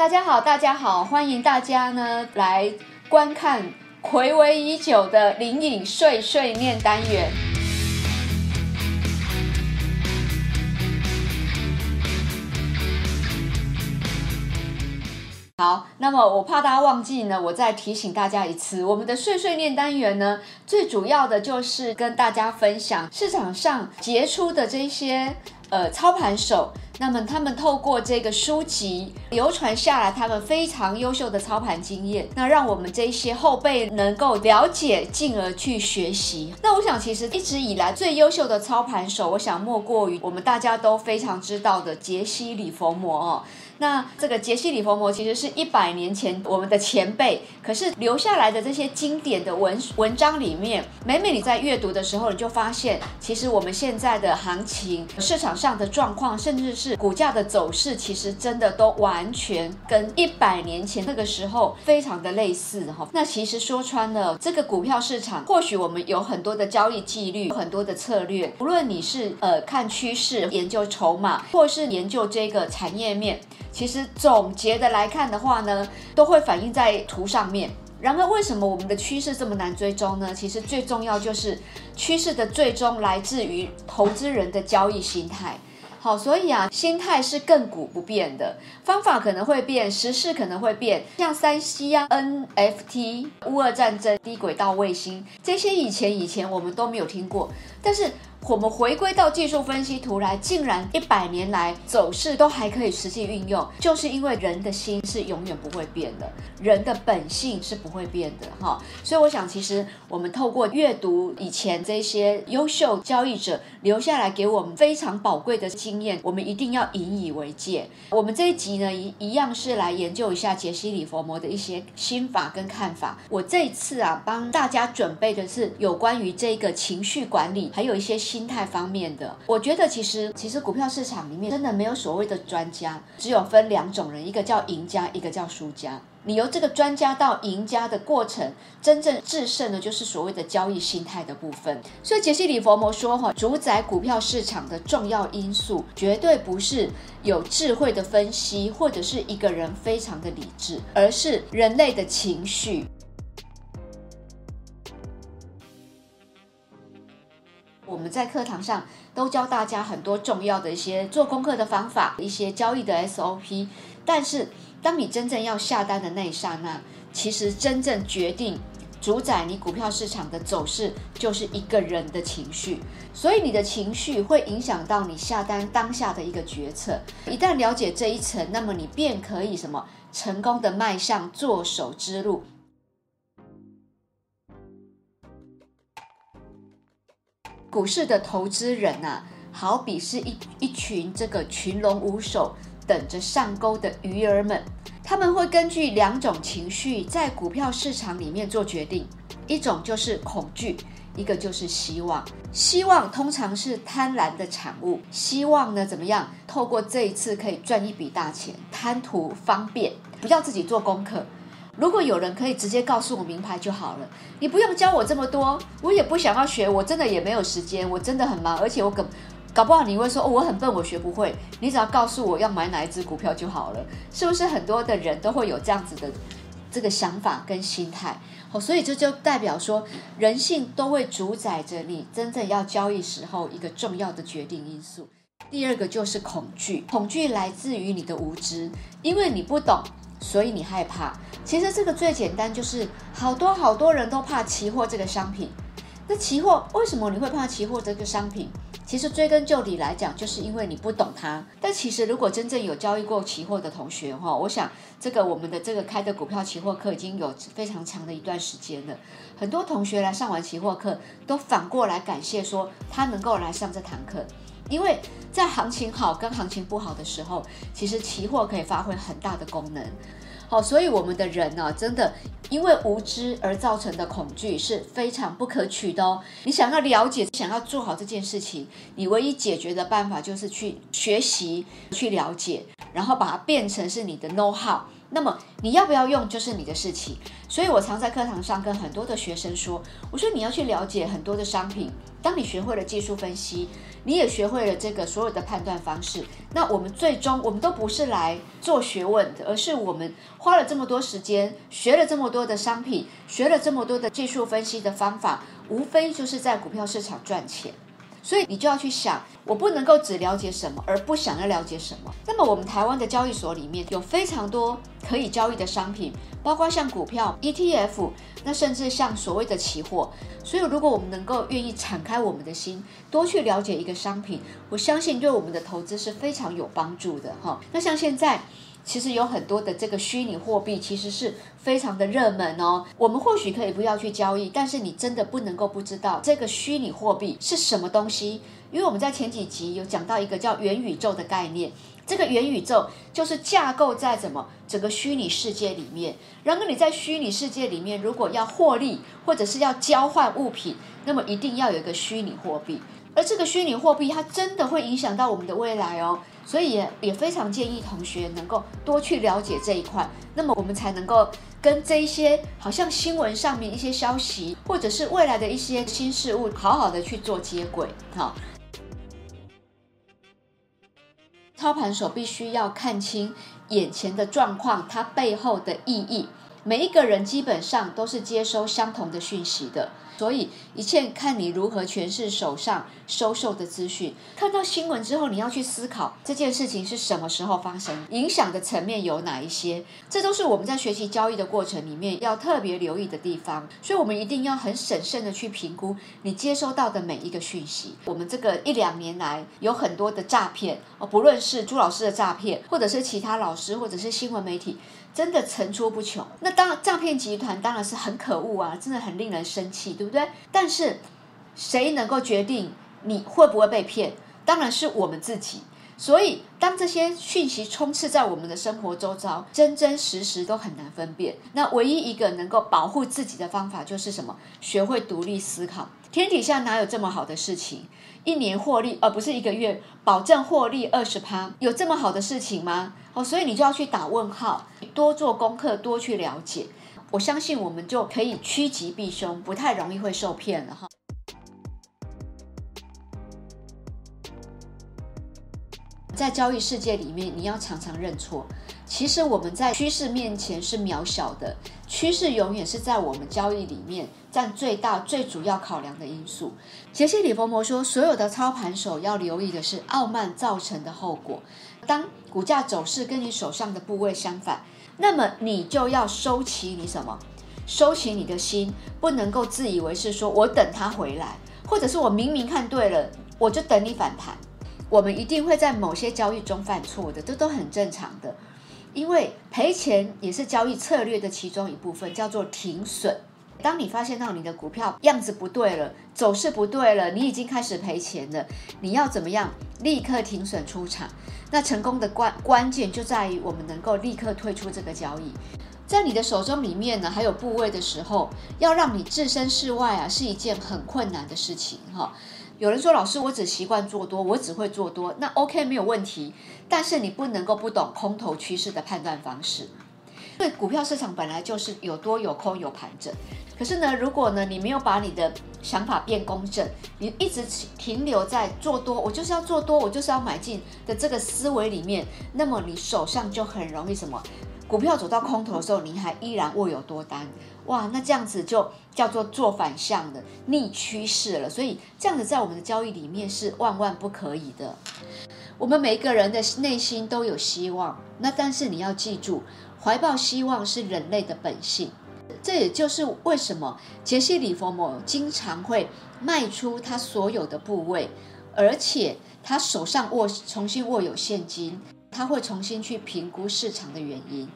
大家好，大家好，歡迎大家呢來觀看睽違已久的《林穎睡睡唸》單元。好，那麼我怕大家忘記呢，我再提醒大家一次，我們的《睡睡唸》單元呢，最主要的就是跟大家分享市場上傑出的這些。呃，操盤手，那麼他們透過這個書籍流傳下來，他們非常優秀的操盤經驗，那讓我們這些後輩能夠了解，進而去學習。那我想，其實一直以來最優秀的操盤手，我想莫過於我們大家都非常知道的杰西·李佛摩哦。那這個傑西·李佛摩，其實是一百年前我們的前輩，可是留下來的這些經典的文文章裡面，每每你在閱讀的時候，你就發現，其實我們現在的行情、市場上的狀況，甚至是股價的走勢，其實真的都完全跟一百年前那個時候非常的類似哈、哦。那其實說穿了，這個股票市場，或許我們有很多的交易紀律，很多的策略，不論你是呃看趨勢、研究籌碼，或是研究這個產業面。其實總結的來看的話呢，都會反映在圖上面。然而，為什麼我們的趨勢這麼難追蹤呢？其實最重要就是趨勢的追蹤來自於投資人的交易心態。好，所以啊，心態是亘古不變的，方法可能會變，時事可能會變，像 3C 啊、NFT、烏俄戰爭、低軌道衛星這些，以前以前我們都沒有聽過，但是。我們回歸到技術分析圖來，竟然一百年來走勢都還可以實際運用，就是因為人的心是永遠不會變的，人的本性是不會變的，哈、哦。所以我想，其實我們透過閱讀以前這些優秀交易者留下來給我們非常寶貴的經驗，我們一定要引以為戒。我們這一集呢，一一樣是來研究一下杰西·李佛摩的一些心法跟看法。我這一次啊，幫大家準備的是有關於這個情緒管理，還有一些。心態方面的，我覺得其實其實股票市場裡面真的沒有所謂的專家，只有分兩種人，一個叫贏家，一個叫輸家。你由這個專家到贏家的過程，真正制勝的，就是所謂的交易心態的部分。所以傑西·李佛摩說：“哈，主宰股票市場的重要因素，絕對不是有智慧的分析，或者是一個人非常的理智，而是人類的情緒。”在課堂上都教大家很多重要的一些做功課的方法，一些交易的 SOP。但是，當你真正要下單的那一剎那，其實真正決定主宰你股票市場的走勢就是一個人的情緒。所以，你的情緒會影響到你下單當下的一個決策。一旦了解這一層，那麼你便可以什麼成功的邁向做手之路。股市的投資人啊，好比是一一群這個群龍無首、等着上鈎的魚兒們。他們會根據兩種情緒在股票市場裡面做決定：一種就是恐懼，一個就是希望。希望通常是貪婪的產物。希望呢，怎麼樣？透過這一次可以賺一筆大錢，貪圖方便，不要自己做功課。如果有人可以直接告訴我明牌就好了，你不用教我這麼多，我也不想要學，我真的也沒有時間，我真的很忙，而且我搞搞不好你會說，哦，我很笨，我學不會。你只要告訴我要買哪一只股票就好了，是不是？很多的人都會有這樣子的這個想法跟心態，好，所以這就代表說人性都會主宰着你真正要交易時候一個重要的決定因素。第二個就是恐懼，恐懼來自於你的無知，因為你不懂。所以你害怕。其實這個最簡單就是好多好多人都怕期貨這個商品。那期貨為什麼你會怕期貨這個商品？其實追根究底來講，就是因為你不懂它。但其實如果真正有交易過期貨的同學哈，我想這個我們的這個開的股票期貨課已經有非常長的一段時間了，很多同學來上完期貨課，都反過來感謝說他能夠來上這堂課。因為在行情好跟行情不好的時候，其實期貨可以發揮很大的功能。好、哦，所以我們的人呢、啊，真的因為無知而造成的恐懼是非常不可取的哦。你想要了解，想要做好這件事情，你唯一解決的辦法就是去學習、去了解，然後把它變成是你的 know how。那麼你要不要用，就是你的事情。所以，我常在課堂上跟很多的學生說：“我說你要去了解很多的商品，當你學會了技術分析。”你也學會了這個所有的判斷方式。那我們最終，我們都不是來做學問的，而是我們花了這麼多時間，學了這麼多的商品，學了這麼多的技術分析的方法，無非就是在股票市場賺錢。所以你就要去想，我不能夠只了解什麼而不想要了解什麼。那麼我們台灣的交易所裡面有非常多可以交易的商品，包括像股票、ETF，那甚至像所謂的期貨。所以如果我們能夠願意敞開我們的心，多去了解一個商品，我相信對我們的投資是非常有幫助的哈。那像現在。其實有很多的這個虛擬貨幣，其實是非常的熱門哦。我們或許可以不要去交易，但是你真的不能夠不知道這個虛擬貨幣是什麼東西。因為我們在前幾集有講到一個叫元宇宙的概念，這個元宇宙就是架構在什麼整個虛擬世界裡面。然後你在虛擬世界裡面，如果要獲利或者是要交換物品，那麼一定要有一個虛擬貨幣。而這個虛擬貨幣，它真的會影響到我們的未來哦，所以也也非常建議同學能夠多去了解這一塊，那麼我們才能夠跟這一些好像新聞上面一些消息，或者是未來的一些新事物，好好的去做接軌。哈，操盤手必須要看清眼前的狀況，它背後的意義。每一個人基本上都是接收相同的訊息的。所以一切看你如何詮釋手上收受的資訊。看到新聞之後，你要去思考這件事情是什麼時候發生，影響的層面有哪一些，這都是我們在學習交易的過程裡面要特別留意的地方。所以，我們一定要很審慎的去評估你接收到的每一個訊息。我們這個一兩年來有很多的詐騙，不論是朱老師的詐騙，或者是其他老師，或者是新聞媒體。真的層出不窮，那當然，詐騙集團當然是很可惡啊，真的很令人生氣，對不對？但是，誰能夠決定你會不會被騙？當然是我們自己。所以，當這些訊息充斥在我們的生活周遭，真真實實都很難分辨。那唯一一個能夠保護自己的方法，就是什麼？學會獨立思考。天底下哪有這麼好的事情？一年獲利，而、哦、不是一個月，保證獲利二十趴，有這麼好的事情嗎？哦，所以你就要去打問號，多做功課，多去了解。我相信我們就可以趨吉避凶，不太容易會受騙了。哈。在交易世界裡面，你要常常認錯。其實我們在趨勢面前是渺小的，趨勢永遠是在我們交易裡面佔最大、最主要考量的因素。傑西·李佛摩說：“所有的操盤手要留意的是傲慢造成的後果。當股價走勢跟你手上的部位相反，那麼你就要收起你什麼？收起你的心，不能夠自以為是，說我等他回來，或者是我明明看對了，我就等你反彈。”我們一定會在某些交易中犯錯的，這都很正常的。因為賠錢也是交易策略的其中一部分，叫做停損。當你發現到你的股票樣子不對了，走勢不對了，你已經開始賠錢了，你要怎麼樣？立刻停損出場。那成功的關關鍵就在於我們能夠立刻退出這個交易。在你的手中裡面呢，還有部位的時候，要讓你置身事外啊，是一件很困難的事情哈。哦有人說：“老師，我只習慣做多，我只會做多，那 OK 沒有問題。但是你不能夠不懂空頭趨勢的判斷方式。因為股票市場本來就是有多有空有盤整。可是呢，如果呢你沒有把你的想法變公正，你一直停留在做多，我就是要做多，我就是要買進的這個思維裡面，那麼你手上就很容易什麼？股票走到空頭的時候，你還依然握有多單。”哇，那這樣子就叫做做反向的逆趨勢了，所以這樣子在我們的交易裡面是萬萬不可以的。我們每一個人的內心都有希望，那但是你要記住，懷抱希望是人類的本性。這也就是為什麼傑西·李佛摩經常會賣出他所有的部位，而且他手上握重新握有現金，他會重新去評估市場的原因。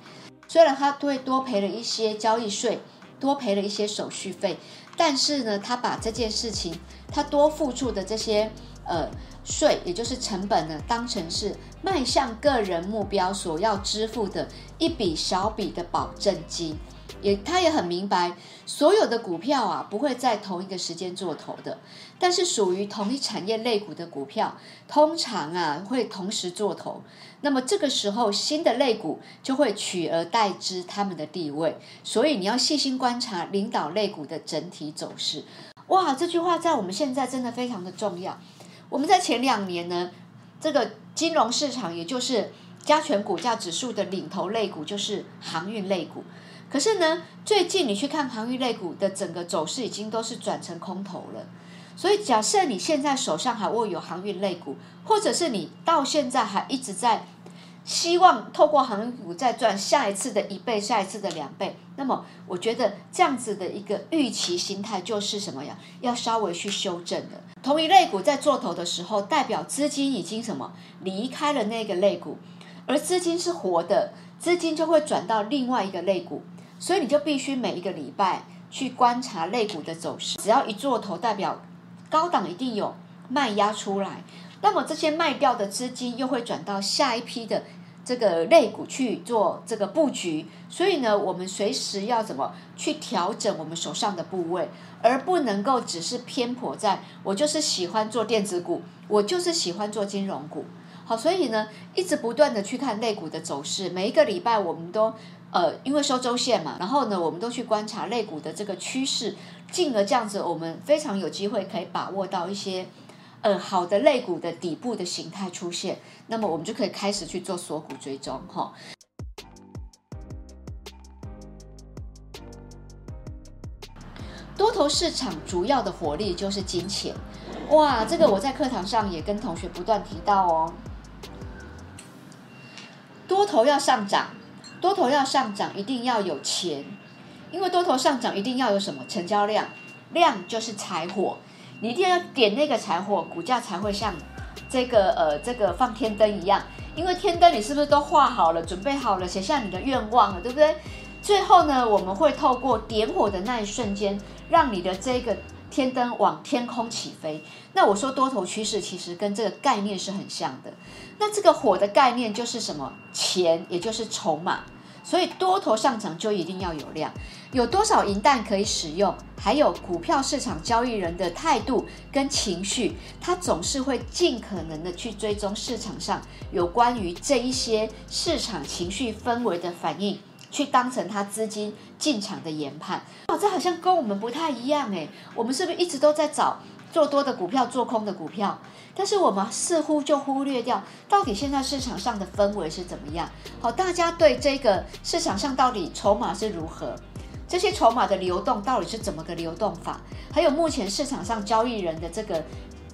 雖然他會多賠了一些交易稅。多賠了一些手續費，但是呢，他把這件事情，他多付出的這些呃稅，也就是成本呢，當成是邁向個人目標所要支付的一筆小筆的保證金，也他也很明白。所有的股票啊，不會在同一個時間做頭的，但是屬於同一產業類股的股票，通常啊會同時做頭。那麼這個時候，新的類股就會取而代之他們的地位。所以你要細心觀察領導類股的整體走勢。哇，這句話在我們現在真的非常的重要。我們在前兩年呢，這個金融市場也就是加權股價指數的領頭類股就是航運類股。可是呢，最近你去看航運類股的整個走勢，已經都是轉成空頭了。所以，假設你現在手上還握有航運類股，或者是你到現在還一直在希望透過航運股再賺下一次的一倍、下一次的兩倍，那麼我覺得這樣子的一個預期心態就是什麼呀？要稍微去修正的。同一類股在做頭的時候，代表資金已經什麼離開了那個類股，而資金是活的，資金就會轉到另外一個類股。所以你就必須每一個禮拜去觀察類股的走勢，只要一做頭，代表高檔一定有賣壓出來。那麼這些賣掉的資金又會轉到下一批的這個類股去做這個佈局。所以呢，我們隨時要怎麼去調整我們手上的部位，而不能夠只是偏頗在“我就是喜歡做電子股，我就是喜歡做金融股”。好，所以呢，一直不斷的去看類股的走勢，每一個禮拜我們都呃，因為收週線嘛，然後呢，我們都去觀察類股的這個趨勢，進而這樣子，我們非常有機會可以把握到一些呃好的類股的底部的形態出現，那麼我們就可以開始去做鎖股追蹤哈、哦。多頭市場主要的活力就是金錢，哇，這個我在課堂上也跟同學不斷提到哦。多頭要上漲。多頭要上漲，一定要有錢，因為多頭上漲一定要有什麼？成交量，量就是柴火，你一定要點那個柴火，股價才會像這個呃這個放天燈一樣，因為天燈你是不是都畫好了，準備好了，寫下你的願望了，對不對？最後呢，我們會透過點火的那一瞬間，讓你的這個天燈往天空起飛。那我說多頭趨勢其實跟這個概念是很像的。那這個火的概念就是什麼？錢，也就是籌碼。所以多頭上漲就一定要有量，有多少銀彈可以使用，還有股票市場交易人的態度跟情緒，他總是會盡可能的去追蹤市場上有關於這一些市場情緒氛圍的反應，去當成他資金進場的研判。哦，這好像跟我們不太一樣誒，我們是不是一直都在找？做多的股票，做空的股票，但是我們似乎就忽略掉，到底現在市場上的氛圍是怎麼樣？好，哦，大家對這個市場上到底籌碼是如何？這些籌碼的流動到底是怎麼個流動法？還有目前市場上交易人的這個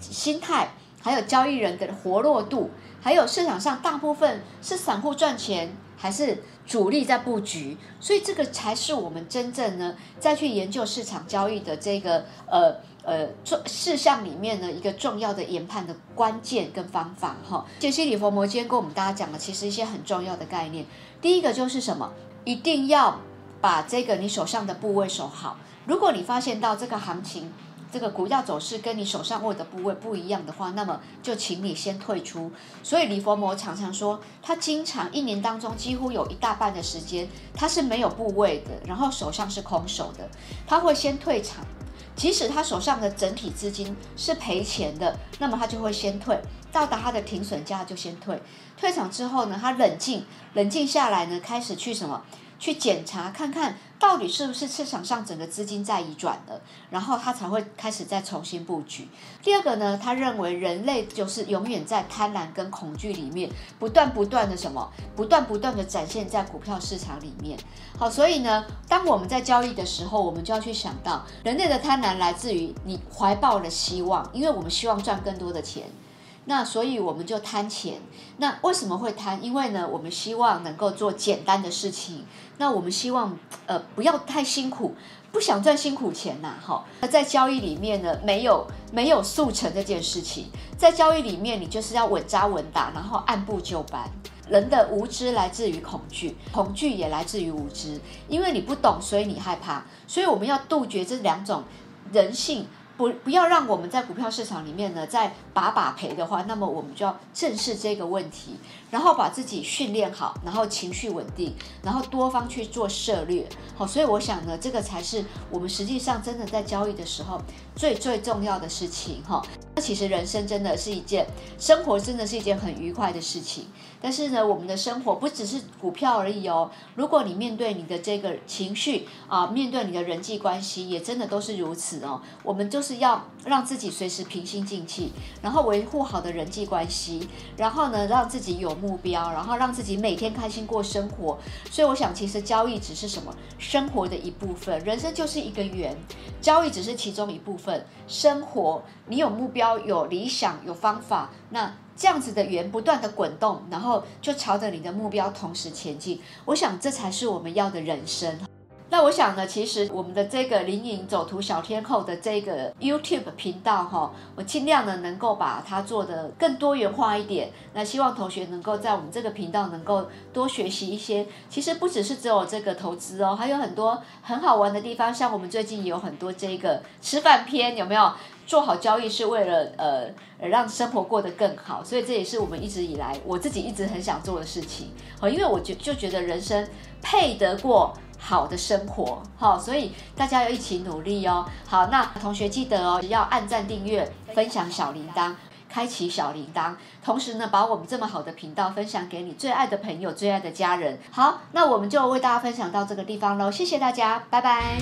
心態，還有交易人的活絡度，還有市場上大部分是散戶賺錢，還是主力在布局？所以這個才是我們真正呢，再去研究市場交易的這個呃。呃，做事項裡面呢，一個重要的研判的關鍵跟方法哈。傑西李佛摩，今天跟我們大家講了，其實一些很重要的概念。第一個就是什麼？一定要把這個你手上的部位守好。如果你發現到這個行情，這個股票走勢跟你手上握的部位不一樣的話，那麼就請你先退出。所以李佛摩常常說，他經常一年當中幾乎有一大半的時間，他是沒有部位的，然後手上是空手的，他會先退場。即使他手上的整體資金是賠錢的，那麼他就會先退，到達他的停損價就先退。退場之後呢，他冷靜，冷靜下來呢，開始去什麼？去檢查看看。到底是不是市場上整個資金在移轉了，然後他才會開始再重新布局？第二個呢，他認為人類就是永遠在貪婪跟恐懼裡面不斷不斷的什麼，不斷不斷的展現在股票市場裡面。好，所以呢，當我們在交易的時候，我們就要去想到，人類的貪婪來自於你懷抱了希望，因為我們希望賺更多的錢，那所以我們就貪錢。那為什麼會貪？因為呢，我們希望能夠做簡單的事情。那我們希望，呃，不要太辛苦，不想賺辛苦錢吶，吼，那在交易裡面呢，沒有沒有速成這件事情，在交易裡面你就是要穩紮穩打，然後按部就班。人的無知來自於恐懼，恐懼也來自於無知，因為你不懂，所以你害怕。所以我們要杜絕這兩種人性。不不要讓我們在股票市場裡面呢再把把賠的話，那麼我們就要正視這個問題，然後把自己訓練好，然後情緒穩定，然後多方去做策略。好、哦，所以我想呢，這個才是我們實際上真的在交易的時候最最重要的事情哈、哦。那其實人生真的是一件，生活真的是一件很愉快的事情。但是呢，我們的生活不只是股票而已哦。如果你面對你的這個情緒啊，面對你的人際關係，也真的都是如此哦。我們就是。是要讓自己隨時平心靜氣，然後維護好的人際關係，然後呢讓自己有目標，然後讓自己每天開心過生活。所以我想，其實交易只是什麼生活的一部分，人生就是一個圓，交易只是其中一部分。生活，你有目標、有理想、有方法，那這樣子的圓不斷地滾動，然後就朝着你的目標同時前進。我想，這才是我們要的人生。那我想呢，其實我們的這個“林穎走圖小天后”的這個 YouTube 頻道哈，我盡量呢能夠把它做得更多元化一點。那希望同學能夠在我們這個頻道能夠多學習一些，其實不只是只有這個投資哦，還有很多很好玩的地方。像我們最近也有很多這個吃飯篇，有沒有？做好交易，是為了呃讓生活過得更好，所以這也是我們一直以來我自己一直很想做的事情。因為我覺就覺得人生配得過。好的生活，好、哦，所以大家要一起努力哦。好，那同學記得哦，要按讚、訂閱、分享小鈴鐺，開啟小鈴鐺，同時呢，把我們這麼好的頻道分享給你最愛的朋友、最愛的家人。好，那我們就為大家分享到這個地方嘍，謝謝大家，拜拜。